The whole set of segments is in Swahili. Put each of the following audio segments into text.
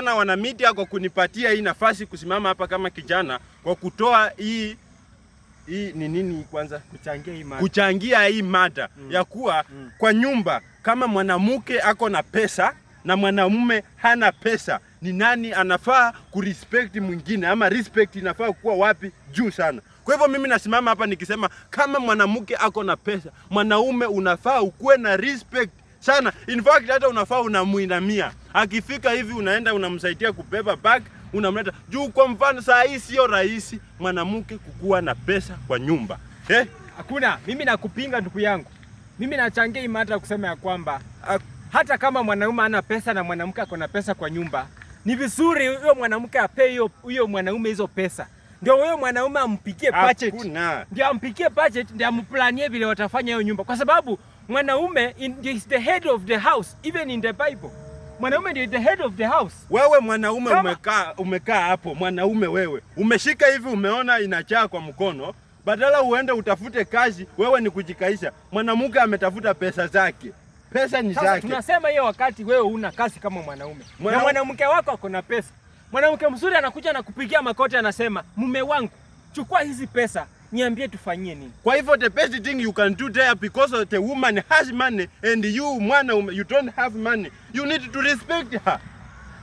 Sana wana media kwa kunipatia hii nafasi kusimama hapa kama kijana kwa kutoa hii hii ni nini kwanza kuchangia hii mada, kuchangia hii mada mm. ya kuwa mm. kwa nyumba kama mwanamke ako na pesa na mwanamume hana pesa, ni nani anafaa kurespect mwingine, ama respect inafaa kuwa wapi juu sana. Kwa hivyo mimi nasimama hapa nikisema kama mwanamke ako na pesa, mwanaume unafaa ukuwe na respect sana, in fact hata unafaa unamuinamia akifika hivi unaenda unamsaidia kubeba bag, unamleta juu. Kwa mfano saa hii sio rahisi mwanamke kukuwa na pesa kwa nyumba eh? Hakuna, mimi nakupinga ndugu yangu, mimi nachangia hii mada kusema ya kwamba hata kama mwanaume ana pesa na mwanamke ako na pesa kwa nyumba, ni vizuri huyo mwanamke apee huyo mwanaume hizo pesa ndio huyo mwanaume ampikie budget, ndio ampikie budget, ndio amplanie vile watafanya hiyo nyumba, kwa sababu mwanaume is the head of the house even in the Bible. Mwanaume ndio the head of the house. Wewe mwanaume umekaa umekaa hapo, mwanaume wewe umeshika hivi, umeona inachaa kwa mkono, badala uende utafute kazi, wewe ni kujikaisha. Mwanamke ametafuta pesa zake, pesa ni zake. Tunasema hiyo wakati wewe una kazi kama mwanaume mwana... na mwanamke wako ako na pesa. Mwanamke mzuri anakuja na kupigia makoti, anasema mume wangu, chukua hizi pesa niambie tufanyie nini? Kwa hivyo the best thing you can do there because the woman has money and you mwana you don't have money. You need to respect her.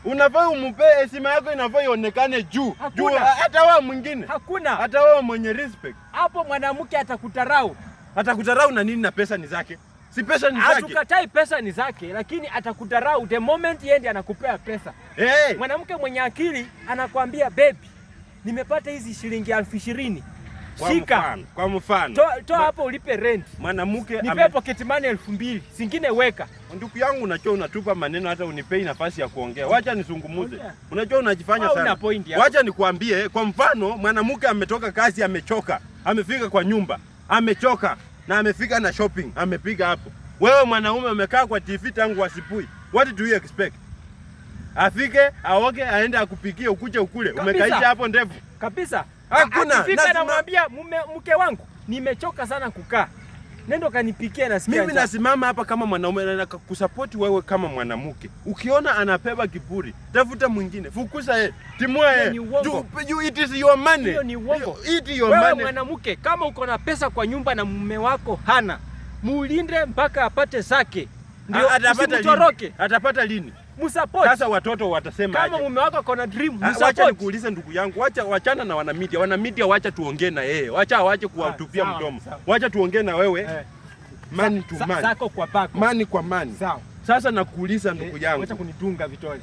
Unafaa umpe heshima yako, inafaa ionekane juu juu, hata wao mwingine, hakuna hata wao mwenye respect. Hapo mwanamke atakutarau, atakutarau na nini? Na pesa ni zake, si pesa ni zake. Atukatai pesa ni zake, lakini atakutarau the moment yeye ndiye anakupea pesa. Hey. Mwanamke mwenye akili anakwambia baby, nimepata hizi shilingi elfu ishirini Shika kwa mfano, toa to hapo ulipe rent, mwanamke nipe pocket money elfu mbili zingine weka. Ndugu yangu, unajua unatupa maneno, hata unipei nafasi ya kuongea. Wacha nizungumuze, unajua unajifanya sana. una Wacha nikuambie, kwa mfano, mwanamke ametoka kazi, amechoka, amefika kwa nyumba, amechoka na amefika na shopping, amepiga hapo. Wewe mwanaume umekaa kwa TV tangu asubuhi, what do you expect? Afike aoge, aende akupikie, ukuje ukule, umekaisha hapo ndevu kabisa hakuna. Akifika namwambia mke wangu, nimechoka sana kukaa, nenda kanipikia na sikia. Mimi nasimama hapa kama mwanaume na nakusapoti wewe kama mwanamke. Ukiona anapeba kiburi, tafuta mwingine, fukuza yeye, timua yeye. It is your money. Hiyo ni uongo. It is your money. Wewe mwanamke, kama uko na pesa kwa nyumba na mume wako hana, muulinde mpaka apate zake, ndio lini? Atapata lini? Msupport. Sasa watoto watasema kama mume wako ako na dream, ah, msupport. Acha nikuulize ndugu yangu, wacha wachana na wana media. Wana media wacha tuongee na yeye. Wacha awache kuwatupia ah, mdomo. Wacha tuongee na wewe. Mani tu mani. Sako kwa pako. Mani kwa mani. Sawa. Sasa nakuuliza ndugu eh, yangu. Acha kunitunga vitoi.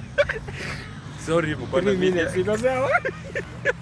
Sorry, mkono mimi.